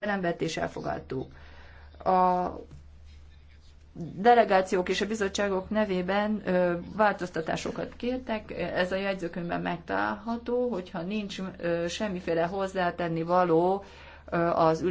vett és elfogadtuk. A delegációk és a bizottságok nevében ö, változtatásokat kértek, ez a jegyzőkönyvben megtalálható, hogyha nincs ö, semmiféle hozzátenni való ö, az ülés.